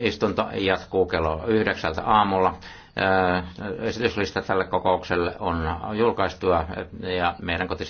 Istunto jatkuu kello yhdeksältä aamulla. Esityslista tälle kokoukselle on julkaistu ja meidän kotisivuilla.